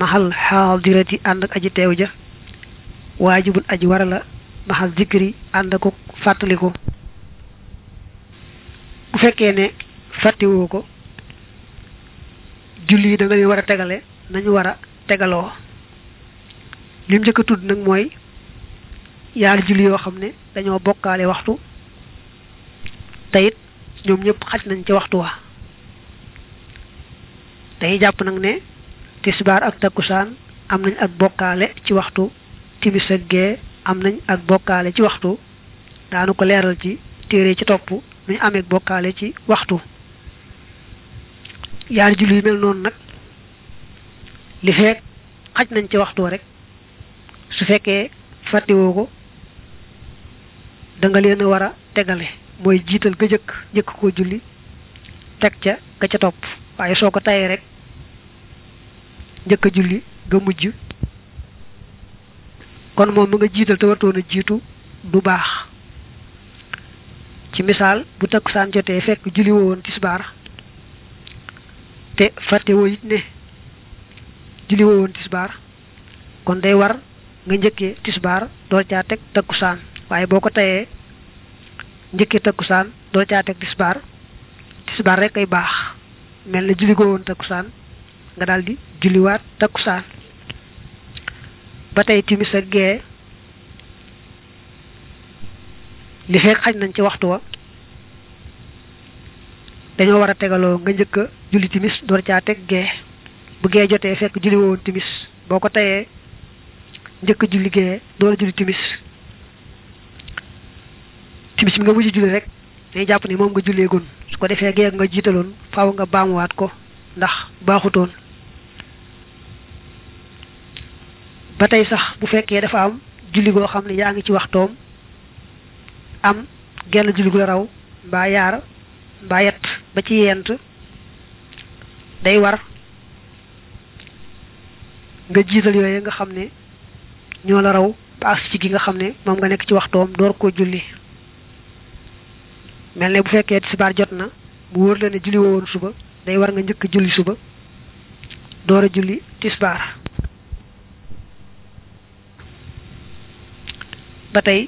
maxal xaadirati ànd ak aji teew ja waajibul aji war la maxal zikri ànd fàttali ko bu fekkee ne fàttiwoo ko julli yi da nga war a tegale nañu war a tegaloo lim njëkk a tudd nag mooy yaar julli yoo xam ne dañoo bokkaale waxtu te it ñoom ñëpp xaj nañ ci waxtu wa tey jàpp nag ne tisbaar ak takkusaan am nañ ak bokkaale ci waxtu timis ak gee am nañ ak bokkaale ci waxtu daanu ko leeral ci téere ci topp nuñ amee bokkaale ci waxtu yaar julli yu mel noonu nag li fekk xaj nañ ci waxtu rek su fekkee fàttewoo ko danga nga leen a war a tegale mooy jiital ga jëkk jëkk ko julli teg ca ga ca topp waaye soo ko tayee rek njëkk a julli nga mujj kon moom mi nga jiital te wartoon jiitu du baax ci misaal bu takkusaan jotee fekk julli woon tisbaar te fàttewoo it ne julli woon tisbaar kon day war nga njëkkee tisbaar door caa teg takkusaan waaye boo ko tayee njëkkee takkusaan door caa teg tisbaar tisbaar rek ay baax mel na julli goo woon takkusaan nga daal di julliwaat saa ba tey timis ak gee li fekk xañ nañ ci waxtu wa dañoo war a tegaloo nga njëkka a julli timis door caa teg gee bu gee jotee fekk julli woon timis boo ko teyee njëkk a julli gee door a julli timis timis mi nga mujj julli rek day jàpp ni moom nga jullee gun su ko defee gee nga jiitaloon faw nga baamuwaat ko ndax baaxutoon ba tey sax bu fekkee dafa am julli goo xam ne yaa ngi ci waxtoom am genn julli gu la raw mbaa yaar mbaa yett ba ci yent day war nga jiital yooyu nga xam ne ñoo la raw ba agsi ci gi nga xam ne moom nga nekk ci waxtoom door koo julli mel ne bu fekkee tisbaar jot na bu wóor la ne julli woo suba day war nga njëkk julli suba door a julli tisbaar ba tey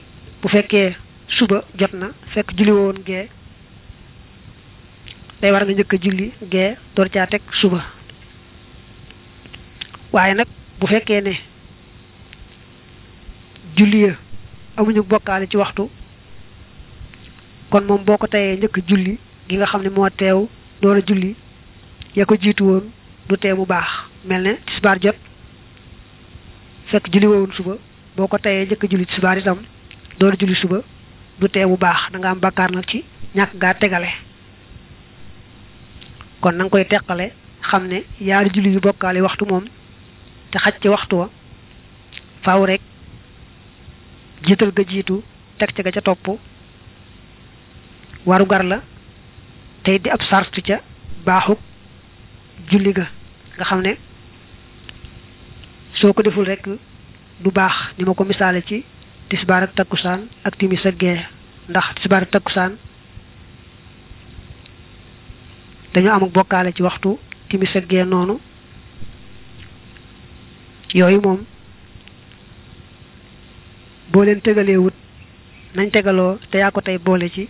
bu fekkee suba jot na fekk julli woon gee day war nga njëkk a julli gee door caa teg suba waaye nag bu fekkee ne julli ya amuñu bokkaale ci waxtu kon moom boo ko tayee njëkk julli gi nga xam ne moo teew door a julli ya ko jiitu woon du tee bu baax mel ne tisbaar jot fekk julli woon suba boo ko tayee njëkk jullit julli tisbaar itam door julli suba du tee bu baax da am bakkaar nag ci ñàkk gaa tegale kon na koy teqale xam ne yaari julli yu bokkaale waxtu moom te xaj ci waxtu wa faaw rek jiital ga jiitu teg ca ga ca topp waru gar la tey di ab sartu ca baaxuk julli ga nga xam ne soo ko deful rekk du baax ni ma ko misaale ci tisbaar ak takkusaan ak timis ak gee ndax tisbaar ak takkusaan dañu am ak bokkaale ci waxtu timis ak gee noonu yooyu moom boo leen tegalee wut nañ tegaloo te yaa ko tey boole ci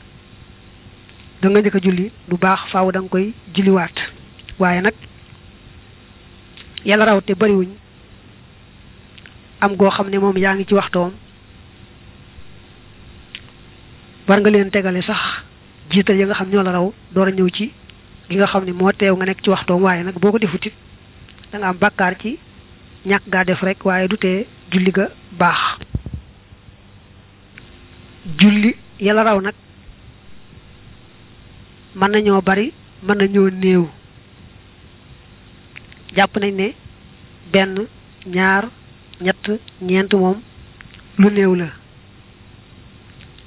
da nga njëkk a julli du baax faaw danga koy julliwaat waaye nag yàlla raw te bariwuñ am goo xam ne moom yaa ngi ci waxtoom war nga leen tegale sax jiital ya nga xam ñoo la raw door a ñëw ci gi nga xam ne moo teew nga nekk ci waxtoom waaye nag boo ko defuti da nga am bàkkaar ci ñàkk gaa def rek waaye du tee julli ga baax julli yàlla raw nag mën na nañoo bari mën na nañoo néew jàpp nañ ne benn ñaar ñett ñeent moom lu néew la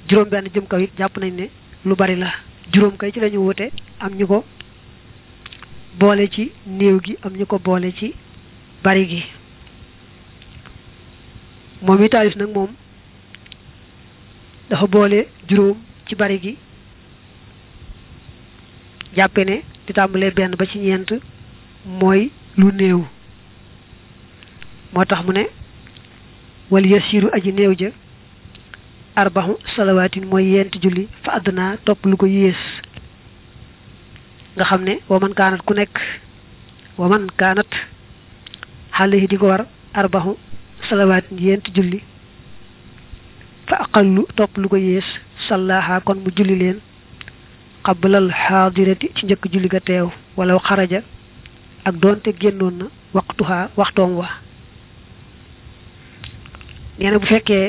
juróom benn jëm kaw jàpp nañ ne lu bari la juróom kay ci lañu wute am ñu ko boole ci néew gi am ñu ko boole ci bari gi moom yi taalif nag moom dafa boole juróom ci bari gi jàppe ne di tàmbalee benn ba ci ñeent mooy lu néew moo tax mu ne wal yasiiru aji néew ja arbaxu salawaatin mooy yent julli fa àdduna topp lu ko yées nga xam ne man kaanat ku nekk man kaanat xale yi di ko war arbaxu salawaatin yent julli fa aqallu topp lu ko yées sallaaxa kon mu julli leen xabalal xaadirati ci njëkk julli nga teew wala xaraja ak doonte génnoon na waxtuha waxtoom wa nee bu fekkee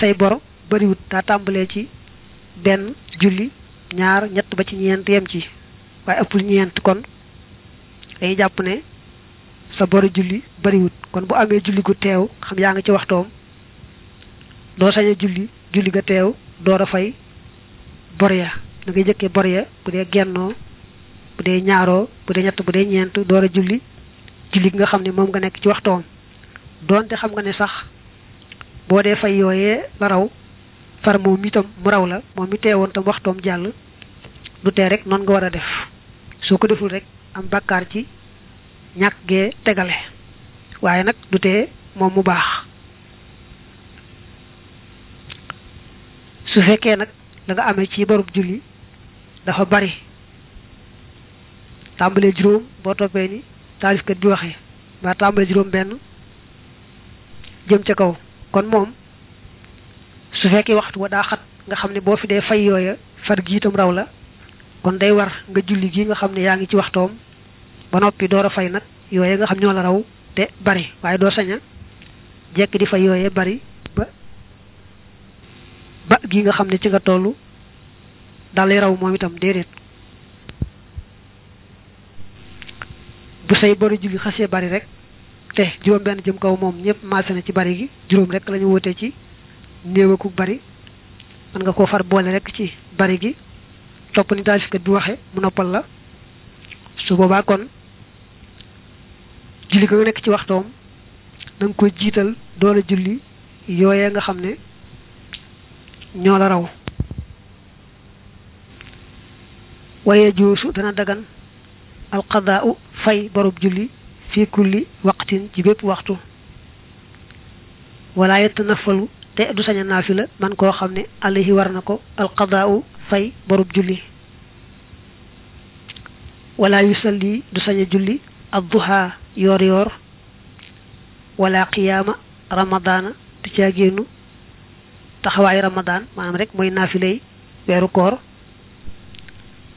say bor bariwut daa tàmbalee ci benn julli ñaar ñett ba ci ñeent yem ci waaye ëppul ñeent kon dañuy jàpp ne sa boru julli bariwut kon bu amee julli gu teew xam yaa ngi ci waxtoom doo sañ a julli julli ga teew door a fay bor ya da ngay jëkkee bor ya bu dee gennoo bu dee ñaaroo bu dee ñeent door a julli julli gi nga xam ne moom nga nekk ci waxtoom doonte xam nga ne sax boo dee fa yooyee la raw far moom itam mu raw la moom mi teewoon tam waxtoom jàll du tee rek noonu nga war a def soo ko deful rek am bàkkaar ci ñàkk gee tegale waaye nag du tee moom mu baax su fekkee nag la nga amee ci barub julli dafa bari tàmbalee juróom boo toppee ni taalifkat bi waxee mbaa tàmbalee juróom benn jëm ca kaw kon moom su fekkee waxtu wa daa xat nga xam ne boo fi dee fay yooya far gi itam raw la kon day war nga julli gi nga xam ne yaa ngi ci waxtoom ba noppi door a fay nag yooya nga xam ñoo la raw te bari waaye doo saña jekk di fay yooya bari ba nga xam ne ci nga tollu dalay raw moom itam déedéet bu say bari julli xasee bari rek te juróom benn jëm kaw moom ñëpp maase na ci bari gi juróom rek la ñu wute ci néew aku bari mën nga koo far boole rek ci bari gi topp ni taasifkat bi waxe mu noppal la su boobaa kon julli ga nga nekk ci waxtoom da ko jiital doole julli yooyee nga xam ne ñoo la raw waye juusu dana dagan alqadaau fay borub julli fi kulli waqtin ci bépp waxtu wala yatanafalu te du sañ a naafila man koo xam ne alayhi war na ko alqadaau fay borub julli wala yusalli du sañ a julli adduha yoor yoor wala qiyaama ramadaana du caa génnu taxawaayu ramadaan maanaam rek mooy naafilay weeru koor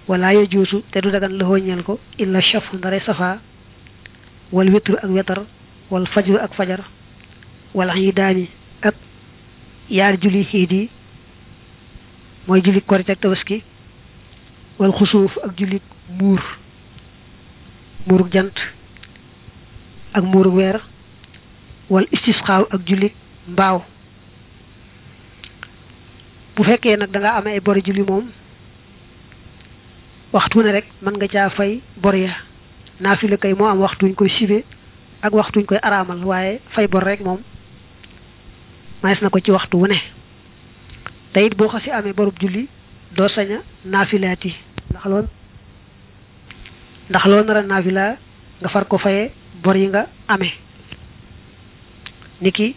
wala yajuusu te du dagan la ñeel ko illa chafu ndaray safaa wal witru ak wetar wal fajru ak fajar wal iidaani ak yaar julli xiid yi mooy julli korite ak tabaski wal xusuuf ak julli muur muurug jant ak muurug weer wal istisqaaw ak julli mbaaw bu fekkee nag danga nga ay bori julli moom waxtu ne rek mën nga caa fay bor ya naafila kay moo am waxtuñ koy sibe ak waxtuñ koy araamal waaye fay bor rek moom mayees na ko ci waxtu wu ne te it boo amee borub julli doo sañ a naafilaat yi ndax lool ndax lool nar ko fayee bor yi nga amee niki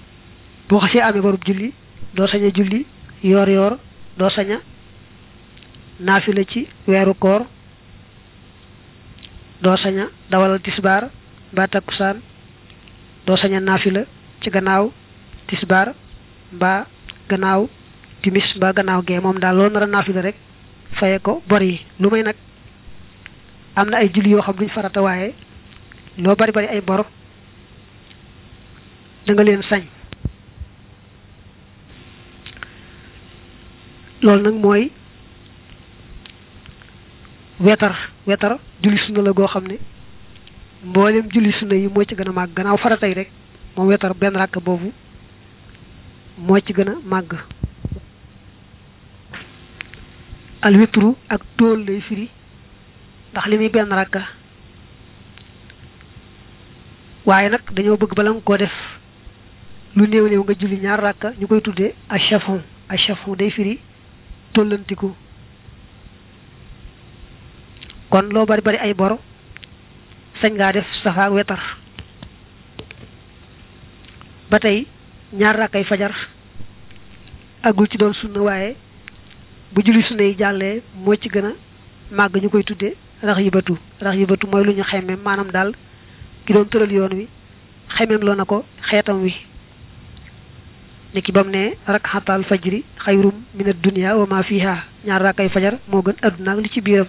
boo xasee amee borub julli doo sañ a julli doo sañ a naafila ci weeru koor doo sañ a dawalal tisbaar mbaa takkusaan doo sañ a naafila ci gannaaw tisbaar mbaa gannaaw timis mbaa gannaaw gee moom daal loolu nar a naafila rek faye ko bor yi lu may nag am na ay julli yoo xam duñ farata waaye loo bari bari ay bor danga leen sañ loolu nag mooy wetar wetar julli sunna la goo xam ne mboolem julli sunna yi moo ci gën a màgg gannaaw faratay rek moom wetar benn ràkk boobu moo ci gën a màgg alwitru ak tóol lay firi ndax li muy benn ràkka waaye nag dañoo bëgg bala nga koo def lu néew néew nga julli ñaar ràkka ñu koy tuddee achafon achafon day firi tóllantiku kon loo bari bari ay bor sañ ngaa def safaak wetar ba tey ñaar rakkay fajar agul ci doon sunna waaye bu julli sunna yi jàllee moo ci gën a màgg ñu koy tudde rax yibatu rax yibatu mooy lu ñu xemmeem maanaam daal ki doon tëral yoon wi xemmeem loo na ko xeetam wi ni ki bam ne rakxatal fajri xayrum minad dunya wa ma fiha ñaar rakkay fajar moo gën àdduna ak li ci biiram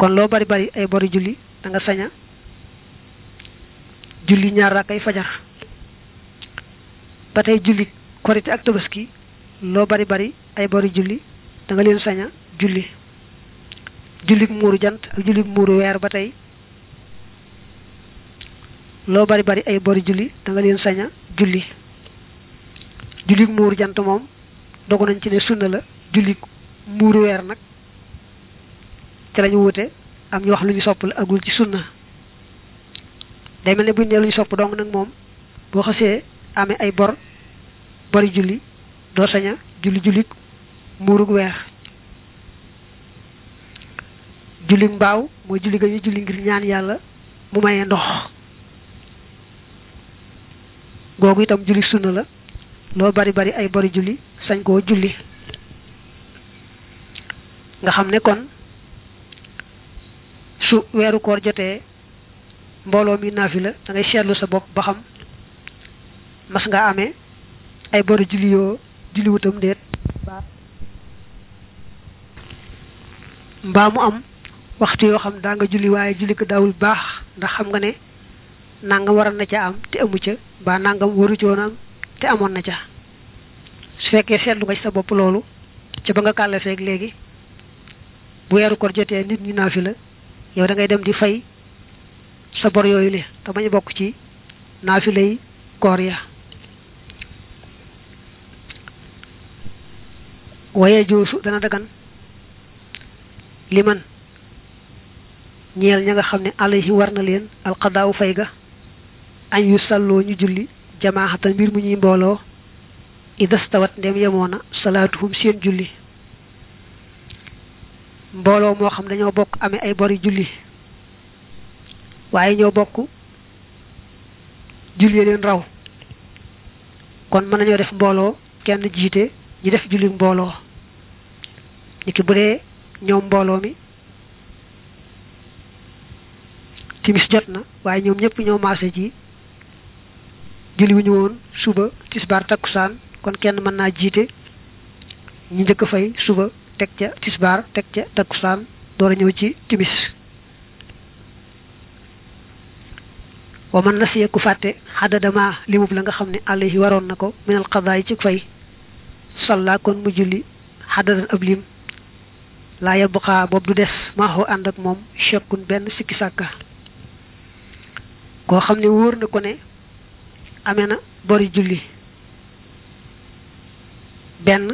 kon loo bari bari ay bori julli danga saña julli ñaar rakkay fajar ba tey julli ak tabaski loo bari bari ay bori julli da leen sañ julli julli muuru jant ak julli muuru weer ba tey loo bari bari ay bori julli da nga leen sañ a julli julli muuru jant moom dogu nañ ci ne sunna la julli muuru weer nag ci lañu wute am ñu wax lu ñu sopp la agul ci sunna day mel ne buñ nee lu sopp dong nag moom boo xasee amee ay bor bori julli doo saña julli jullit muurug weex julli mbaaw mooy julli ga ñu julli ngir ñaan yàlla mu mayee ndox googu itam julli sunna la loo bari bari ay bori julli sañ koo julli nga xam ne su weeru koor jotee mbooloo mi naafila da ngay seetlu sa bopp ba xam mas nga amee ay boru juliyoo julliwutam ndéet mbaa mu am waxtu yoo xam daa nga julli waaye julli ko daawul baax ndax xam nga ne nanga waral na ca am te amu ca mbaa nangam waru ci woon am te amoon na ca su fekkee seetlu nga ci sa bopp loolu ca ba nga kàllafeeg léegi bu weeru koor jotee nit ñi la yow dangay dem di fay sa bor yooyu le te bañ bokk ci naafilay koor ya waye joosu dana dagan liman ñeel ña nga xam ne alayhi war na leen alxadaawu fay ga añ yu sàlloo ñu julli jamaaxatan mbir mu ñuy mbooloo idastawat ndem yemoona salaatuhum seen julli mbooloo moo xam dañoo bokk amee ay bori julli waaye ñoo bokk julli leen raw kon mën nañoo def mbooloo kenn jiite ñi def julli mbooloo ni ki bu dee ñoom mbooloo mi timis jot na waaye ñoom ñëpp ñoo marché ji julli wu ñu woon suba tisbaar takkusaan kon kenn mën naa jiite ñu njëkk fay suba teg ca tisbaar teg ca takkusaan door a ñëw ci timis mën na nasiya ku fàtte xadadama limub la nga xam ne alayhi waroon na ko minal xadaa yi ci fay salla kon mu julli xadadan ab lim laa yabqa boobu du des maaxoo ànd ak moom chekkun benn sikki sàkka koo xam ne wóor na ko ne amee na bori julli benn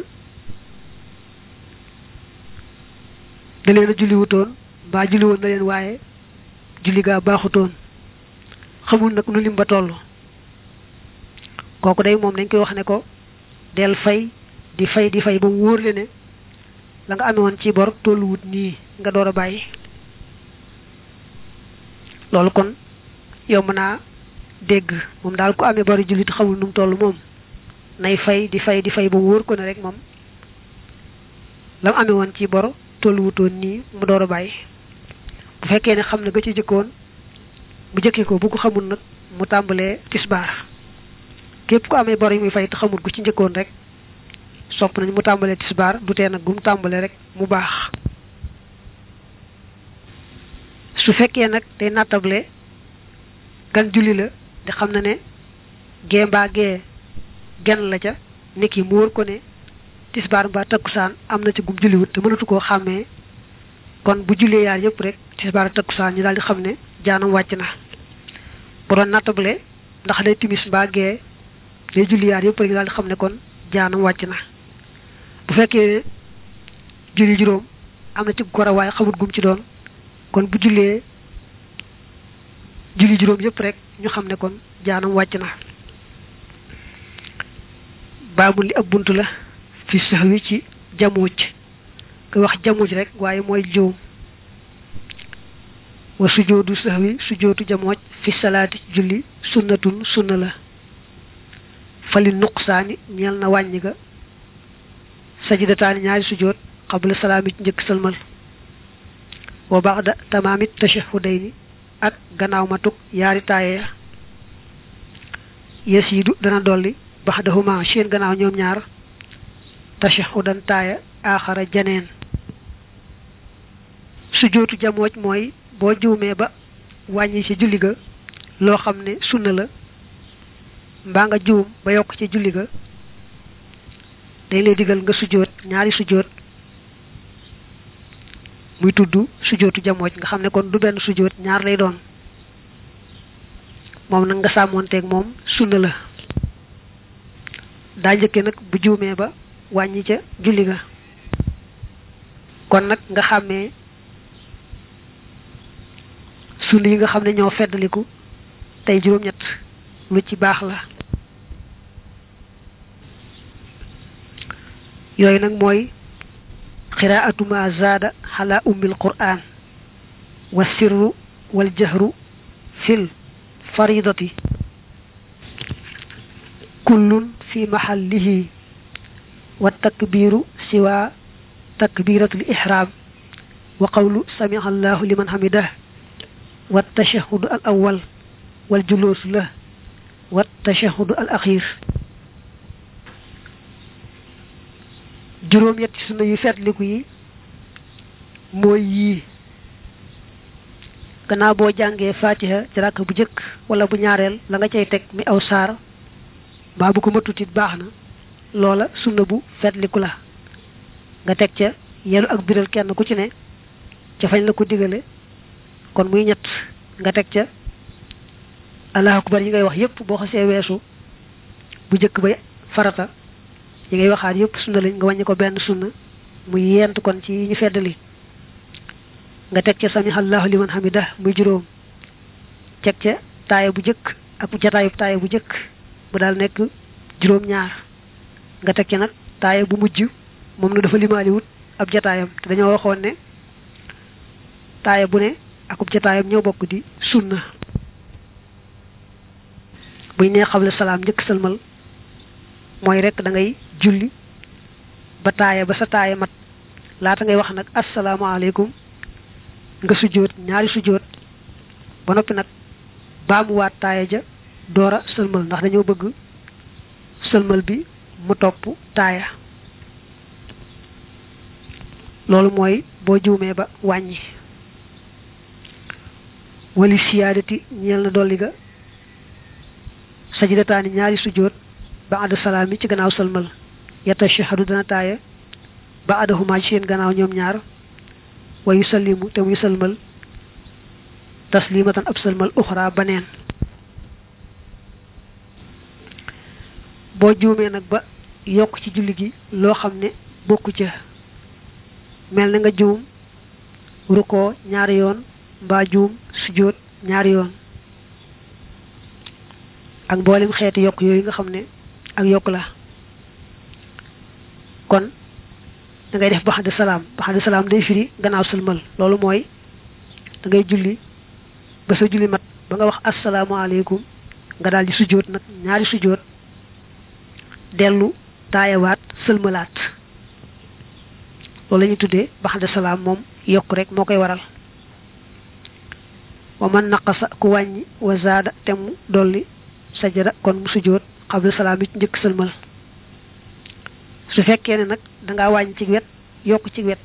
leen a julliwutoon waaye julli gaa baaxutoon xamul nag nu toll kooku day moom dañ koy wax ne ko del fay di fay di fay ba mu wóor le ne woon ci bor tolluwut nii nga door a bàyyi loolu kon yomb naa dégg moom daal ko amee bari jullit xamul nu mu moom nay fay di fay di fay ba mu wóor ko ne rek moom la mu amee woon ci bor tolluwutoon nii mu door a bàyyi bu fekkee ne xam na ga ci jëkkoon bu jëkkee ko bu ko nag mu tàmbalee tisbaar képp ku amee bor yi muy fay te xamul gu ci njëkkoon rek sopp nañ mu tàmbalee tisbaar du tee nag gu mu tàmbalee rek mu baax su fekkee nag day nattable gan julli la di xam na ne gee mbaa gee gen la ca niki mu wër ko ne tisbaar mbaa takkusaan am na ci gum julliwut te mënatu koo xàmmee kon bu jullee yaar yëpp rek tisbaar takkusaan ñu daal di xam ne jaanam wàcc na bu doon nattable ndax day timis mbaa day julli yëpp rek ñu xam ne kon jaanam wàcc na bu fekkee julli juróom am na ci gor a waaye gum ci doon kon bu jullee julli juróom yëpp rek ñu xam ne kon jaanam wàcc na baabul li ab bunt la fi sahwi ci jamuuj nga wax jamuuj rek waaye mooy juum wa sujoodu sahwi sujoodu jamuuj fi salaati julli sunnatun sunna la fali nuqsaani ñeel na wàññi ga sajidataani ñaari sujoot qabla salaami ci njëkk salmal wa ba'da tamaamit tashahudayni ak gannaaw matuk yaari taaye ya yasiidu dana dolli baxdahuma seen gannaaw ñoom ñaar tashahudan taaya aaxara janeen sujootu jamooj mooy boo juumee ba wàññi ci julli ga loo xam ne sunna la mbaa nga juum ba yokk ci julli ga dañ lay digal nga sujoot ñaari sujoot muy tudd sujootu jamooj nga xam ne kon du benn sujoot ñaar lay doon moom nag nga sàmmoonteeg moom sunna la daa njëkke nag bu jumee ba wàññi ca julli ga kon nag nga xàmmee sunna yi nga xam ne ñoo feddaliku tey juróom-ñett lu ci baax la yooyu nag mooy qiraatu ma zaada xala ummil quraan wa sirru wal jahru fil faridati kullun fi mahallihi wa takbiru siwa takbiratul ihram wa qawlu sami'a allahu liman hamidah wa tashahudu al wal julus la wa tashahudu al akhir juróom yetti sunna yu seetliku yi mooy yii gannaaw boo jàngee fatiha ci ràkk bu jëkk wala bu ñaareel la nga cay teg mi aw saar mbaa bu ko matutit baax na loola sunna bu fetliku la nga teg ca yenu ak biral kenn ku ci ne ca fañ la ko digale kon muy ñett nga teg ca allahu akbar yi ngay wax yépp boo xasee weesu bu jëkk ba farata yi ngay waxaat yépp sunna lañ nga wàññi ko benn sunna mu yent kon ci yi ñu feddali nga teg ca samiha allahu liman hamida muy juróom teg ca taaya bu jëkk ak jataayub taaya bu jëkk mu daal nekk juróom ñaar nga teg nag taaya bu mujj moom na dafa limaali wut ab jataayam te dañoo waxoon ne taaya bu ne akub jataayam ñëw bokk di sunna buñ nee xabla salaam njëkk salmal mooy rekk dangay julli ba taaye ba sa taaya mat laata ngay wax nag asalaamaaleykum nga sujjóot ñaari sujjóot ba noppi nag baamuwaat taaya ja door a sëlmal ndax dañoo bëgg sëlmal bi mu topp taaya loolu mooy boo juumee ba wàññi wali siyaadati ñeel na dolli ga sajidataani ñaari sujjóot ba àdd salaam yi ci gannaaw salmal yata shahadu dana taaya ba àddahuma ci seen gannaaw ñoom ñaar wayu sallimu te muy salmal taslimatan ab salmal uxra baneen boo juumee nag ba yokk ci julli gi loo xam ne bokku ca mel na nga juum rukoo ñaari yoon mbaa juum sujjóot ñaari yoon ak mboolem xeeti yokk yooyu nga xam ne ak yokk la kon dangay def def baxande salaam baxande salaam day firi gannaaw sëlmal loolu mooy dangay ngay julli ba sa julli mat ba nga wax asalaamaaleykum nga daal di sujjóot nag ñaari sujjóot dellu taayawaat sëlmalaat loolu la ñu tuddee baxda salaam moom yokk rek moo koy waral wa man naqasa ku wàññi wa zaada te mu dolli sajada kon mu sujjóot xabla salaam yi njëkk sëlmal su fekkee ne nag danga wàññi ci wet yokk ci wet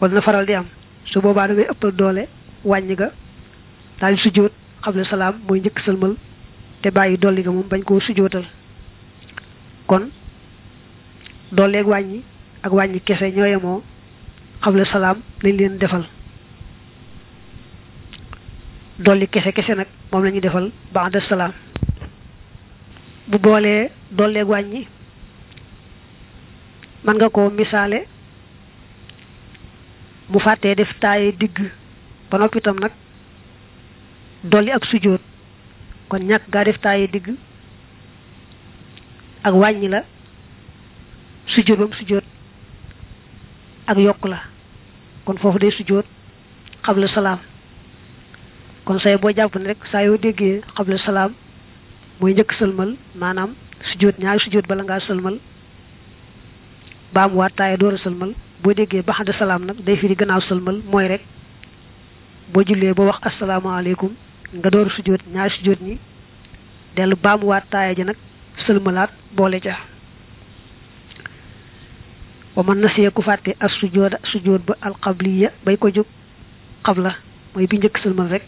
wala na faral di am su boobaa da ngay ëppal doole wàññi ga daal di sujjóot xabla salaam mooy njëkk sëlmal te bàyyi dolli ga moom bañ koo sujjóotal kon dooleeg wàññi ak wàññi kese ñoo xam xabla salaam lañ leen defal dolli kese kese nag moom la ñuy defal ba'da salaam bu boolee dolleeg wàññi mën nga koo misaale mu fàttee def taaye digg ba noppi nag dolli ak sujjóot kon ñàkk gaa def taaye digg ak wàññi la sujjóot ba mu sujjóot ak yokk la kon foofu day sujjóot la salaam kon say boo jàpp ne rek saa yoo déggee la salaam mooy njëkk sëlmal maanaam sujjóot ñaari sujjóot bala ngaa sëlmal ba am waataaya door a sëlmal boo déggee baxada salaam nag day firi gannaaw sëlmal mooy rek boo jullee boo wax asalaamaaleykum nga door sujjóot ñaari sujjóot ñi dellu baamuwaat taaya ji nag sëlmalaat boole ja wa man nasiya ku fàtte as sujooda sujood ba alxabliya bay ko jóg la mooy bi njëkk sëlmal rek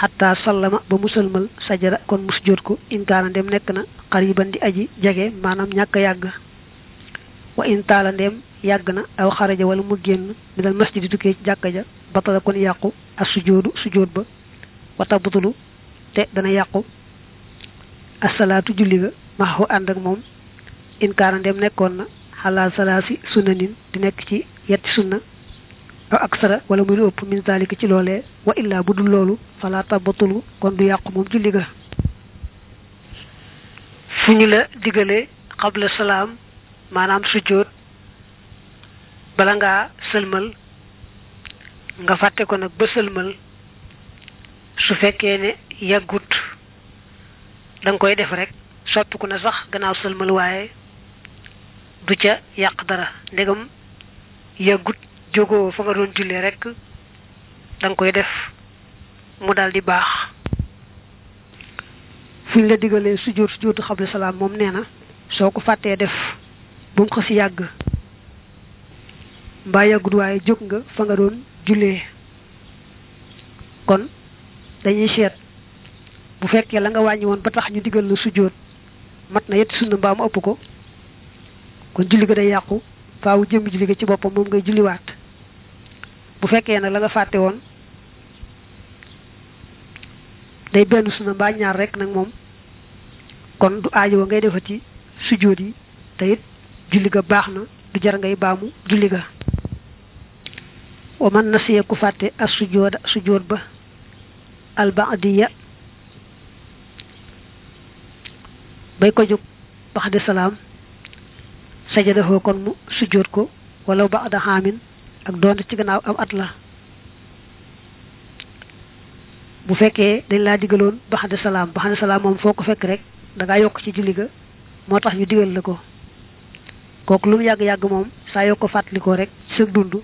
xataa sallama ba mu sëlmal sajara kon mu sujood ko intaala nekk na xariban di aji jege maanaam ñàkk yàgg wa intaala yàgg na aw xaraja wala mu génn minal masjid di tukkee ci jàkka ja batala kon yàqu as sujoodu sujood ba wa tabutulu te dana yàqu asalaatu julli ga maxu ànd ak moom inkaara nekkoon na xalaa salaasi sunanin di nekk ci yet sunna aw aksara wala muy lu ëpp min zalika ci loolee wa illaa bu dul loolu fala tabatulu kon du yàqu moom julli ga fu ñu la digalee xabla salaam maanaam sujjóot bala ngaa sëlmal nga fàtte ko nag ba sëlmal su fekkee ne yàggut danga koy def rek soppiku na sax gannaaw sëlmal waaye du ca yàq dara ndegam yàggut jógoo fa nga doon jullee rek danga koy def mu daal di baax fu ñu la digalee sujjóot sujjóotu xabla salaam moom nee na soo ko fàttee def bu mu xasi yàgg mbaa yàggut waaye jóg nga fa nga doon jullee kon dañuy seet bu fekkee la nga wàññi woon ba tax ñu digal la sujjóot mat na yetti sunna mbaamu mu ëpp ko kon julli ga day yàqu faaw jëmm julli ga ci boppam moom ngay julliwaat bu fekkee nag la nga fàtte woon day benn sunna mbaa ñaar rekk nag moom kon du aajo wa ngay defati sujjóot yi te it julli ga baax na du jar ngay baamu julli ga wa man nasiya ku fàtte as sujjóot sujjóot ba al baadiya bay ko jóg bax salaam salaam sajadahoo kon mu sujjóot ko wala ba da xaamin ak doonte ci gannaaw am at la bu fekkee dañ laa digaloon bax de salaam bax de salaam moom foo ko fekk rek dangay yokk ci julli ga moo tax ñu digal la ko kooku lu mu yàgg-yàgg moom saa yoo ko fàttalikoo rek sa dund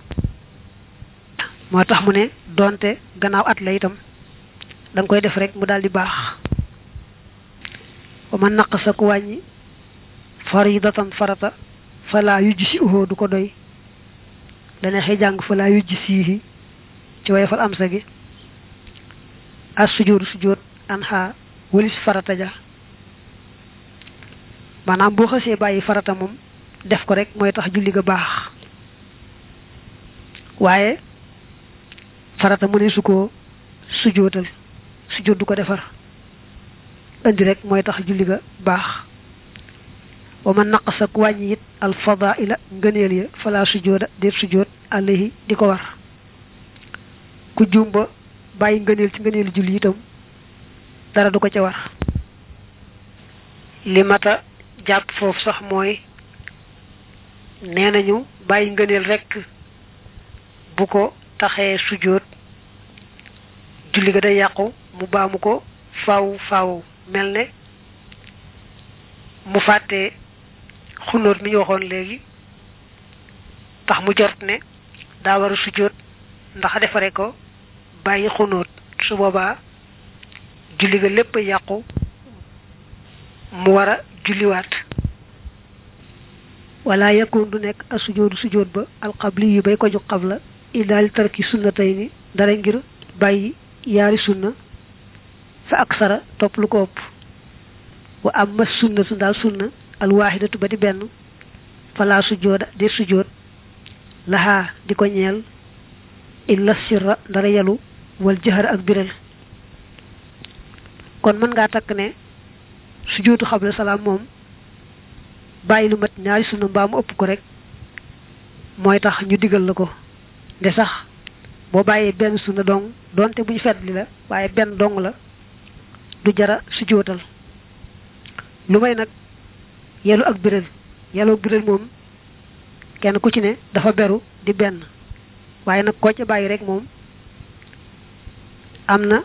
moo tax mu ne doonte gannaaw at la itam da nga koy def rek mu daal di baax wa man naqasa ku wàññi faridatan farata falaa yujj si uhoo du ko doy dana xëy jàng falaa yujj siihi ci way fal am sa gi as sujjóotu sujjóot an xaa wëlis farata ja maanaam boo xasee bàyyi farata moom def ko rek mooy tax julli ga baax waaye farata mu ne su ko sujjóotal sujjóot du ko defar indi rek mooy tax julli ga baax wa man naqas ak wàññi it al fadaila ngëneel ya fala sujooda déet di ko war ku jumba bàyyi ngëneel ci ngëneelu julli itam dara du ko ci war li mata jàpp foofu sax mooy nee nañu bàyyi ngëneel rek bu ko taxee sujjóot julli ga day yàqu mu baamu ko faw faaw mel ne mu fàtte xunóot mi ñu waxoon léegi tax mu jot ne daa war a sujjóot ndax defare ko bàyyi xunóot su boobaa julli ga lépp yàqu mu war a julliwaat wala yakun du nekk a sujjóotu sujjóot ba alxabli yu bay ko ju xabla idaali tarki sunna tey ni dara ngir bàyyi yaari sunna fa sara topp lu ko ëpp wa amma sunnatu daal sunna alwaahidatu ba di benn falaa sujjooda de sujjoot laxaa di ko ñeel illa sirra dara yalu wal jëxër ak biral kon mën ngaa takk ne sujjootu xabla salaam moom bàyyi lu mat ñaari sunna mbaa ëpp ko rek mooy tax ñu digal la ko nde sax boo bàyyee benn sunna dong donte bu ñu fedd li la waaye benn dong la du jara sujjóotal lu may nag yelu ak biral yelu ak biral moom kenn ku ci ne dafa beru di benn waaye nag koo ca bàyyi rek moom am na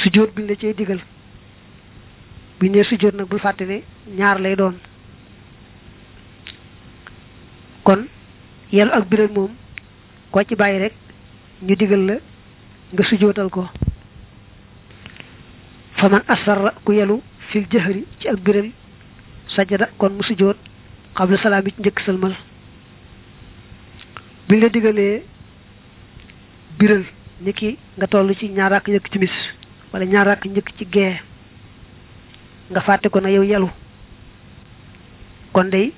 sujjóot buñ la cee digal buñ ne sujjóot nag bul fàtte ne ñaar lay doon kon yelu ak biral moom koo ci bàyyi rek ñu digal la nga sujjóotal ko fa man asarra ku yelu fil jëhëri ci ak biral sajada kon mu sujjóot xabla salaam yi ci njëkk sëlmal biñ la diggalee biral ni ki nga toll ci ñaar rakk njëkk timis wala ñaar rakk njëkk ci gee nga fàtte ko na yow yelu kon day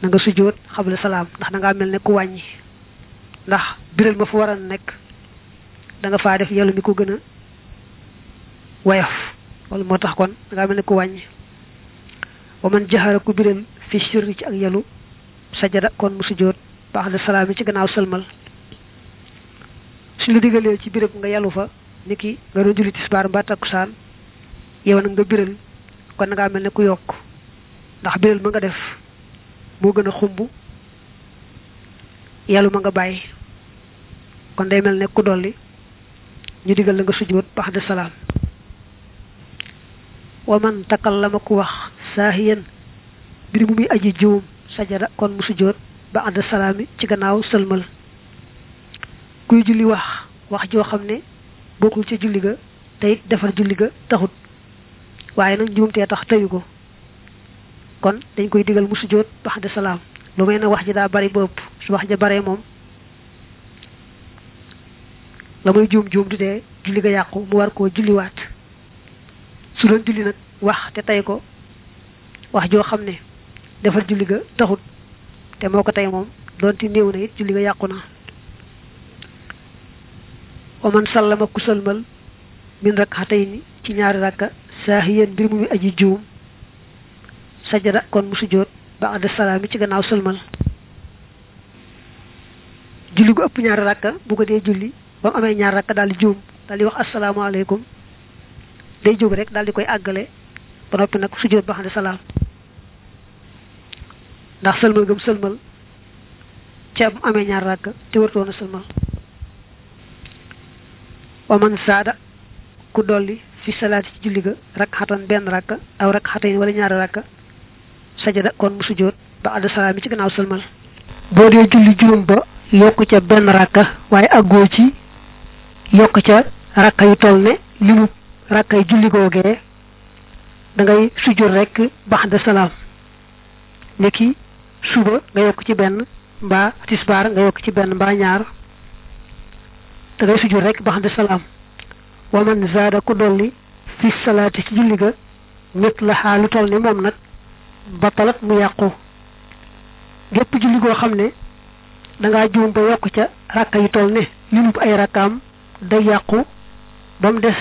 na nga sujjóot xabla salaam ndax da mel ne ku wàññi ndax biral ma fa waroon nekk danga nga faa def yelu mi ko gën a woyof loolu moo tax kon dangaa mel ne ku wàññi wa man jaxara ku biram fi sirri ci ak yalu sajada kon mu sujjóot baax da salaam yi ci gannaaw sëlmal su la digalee ci birab nga yalu fa ni ki nga doon julli tisbaar mbaa takkusaan yow nag nga biral kon na ngaa mel ne ku yokk ndax biral ma nga def moo gën a xumb yalu ma nga bàyyi kon day mel ne ku dolli ñu digal la nga sujjóot baax da salaam wa man takallama ku wax saahiyan mbir mu muy aji juum sajada kon mu sujjóot ba ànd salaami ci gannaaw sëlmal kuy julli wax wax joo xam ne bokkul ca julli ga tey defar julli ga taxut waaye nag njuumtee tax teyu ko kon dañ koy digal mu sujjóot ba ànd salaam lu may na wax ji daa bari bopp su wax ja baree moom la may juum juum du dee julli ga yàqu mu war koo julliwaat doon julli nag wax te tey ko wax joo xam ne defar julli ga taxut te moo ko tey moom doonte néew na it julli ga yàqu na waman sallama ku salmal min rak'atayni ci ñaari rakka saahiyan mbir mu aji juum sajada kon mu sujjóot ba àdda salaam yi ci gannaaw salmal julli gu ëpp ñaari rakka bu ko dee julli ba mu amee ñaari rakka daal di juum daal di wax asalaamaaleykum day jóg rek daal di koy àggale ba noppi nag sujjóot ba xam ne salaam ndax sëlmal gëm sëlmal ci amee ñaar ràkk te wartoon a sëlmal wa saada ku dolli fi salaati ci julli ga rakk xatan benn rakk aw rakk xatayn wala ñaari rakk sajada kon mu sujjóot ba àdd salaam yi ci gannaaw sëlmal boo dee julli juróom ba yokk ca benn rakka waaye àggoo ci yokk ca rakka yu toll ne limu rakkay julli googee da ngay sujjóot rek baxda salaam niki suba nga yokk ci benn mbaa tisbaar nga yokk ci benn mbaa ñaar da ngay sujjóot rek baxda salaam wa man zaada ku dolli fi salaati ci julli ga nit la xaa toll ni moom nag batalat mu yàqu gépp julli goo xam ne danga juum ba yokk ca rakka yu toll ne limub ay rakkaam day yàqu ba mu des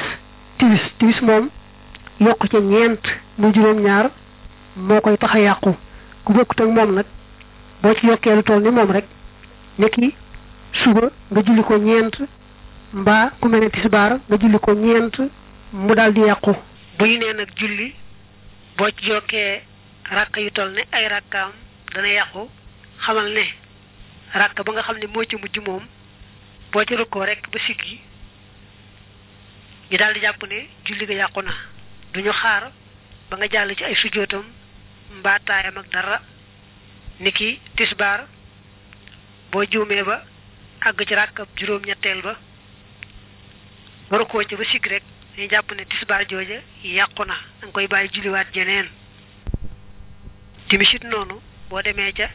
tiwis tiwis moom yokk ca ñeent muy juróom-ñaar moo koy tax a yàqu ku bokkut ak moom nag boo ci yokkee lu toll ni moom rek nekki suba nga julli ko ñeent mbaa ku mel ne tisbaar nga julli ko ñeent mu daal di yàqu bu ñu nee nag julli boo ci yokkee ràkk yi toll ni ay ràkkaam dana yàqu xamal ne ràkk ba nga xam ne moo ci mujj moom boo ci rukkoo rek ba siggi ñu daal di jàpp ne julli ga yàqu na duñu xaar ba nga jàll ci ay sujootam mbaataayam ak dara niki tisbaar boo juumee ba àgg ci ràkkab juróom-ñetteel ba waru koo ca ba sigg rek dañu jàpp ne tisbaar jooja yàqu na da koy bàyyi julliwaat jeneen timisit noonu boo demee ca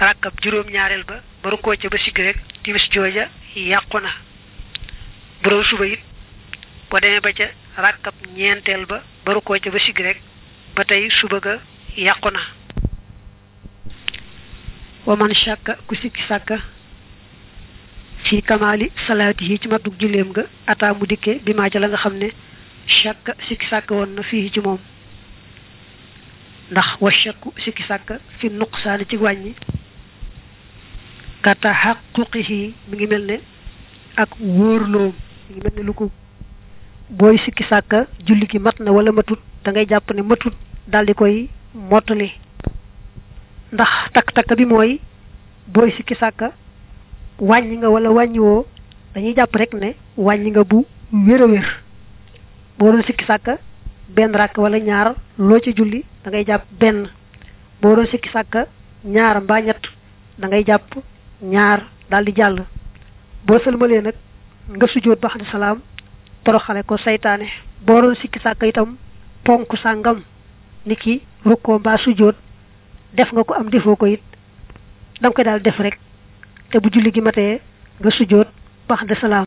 ràkkab juróom-ñaareel ba waru koo ca ba sigg rek timis jooja yàqu na bu doon suba it boo demee ba ca ràkkab ñeenteel ba baru koo ca ba sigg rek ba tey suba ga yàqu na wa man shàkka ku sikki sàkka fi kamaali salaati yi ci matuk julleem ga ataa mu dikke bi maa ca la nga xam ne shàkka sikki sàkka woon na fii ci moom ndax wa shakku sikki sàkka fi nuqsaani ci wàññi kata xaquqihi mu ngi mel ne ak wóorloom yi mel ne lu ko booy sikki sàkka julli gi mat na wala matut dangay jàpp ne matut daal di koy mottali ndax takk-takk bi mooy booy sikki sàkka wàññi nga walla wàññiwoo dañuy jàpp rek ne wàññi nga bu wér a boo doon sikki sàkka benn rakk wala ñaar loo ci julli dangay jàpp benn boo doon sikki sàkka ñaar mbaa dangay jàpp ñaar daldi jàll boo sëlmalee nag nga sujjóot ba xam salaam toroxale ko saytaane boo doon sikki sàkk itam ponk sàngam ni ki rukkoo mbaa sujjóot def nga ko am defoo ko it danga koy daal def rek te bu julli gi matee nga sujjóot ba xam salaam